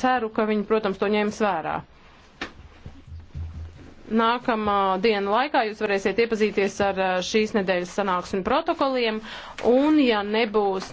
ceru, ka viņi, protams, to ņems vērā. Nākamā diena laikā jūs varēsiet iepazīties ar šīs nedēļas sanāksmi protokoliem, un ja nebūs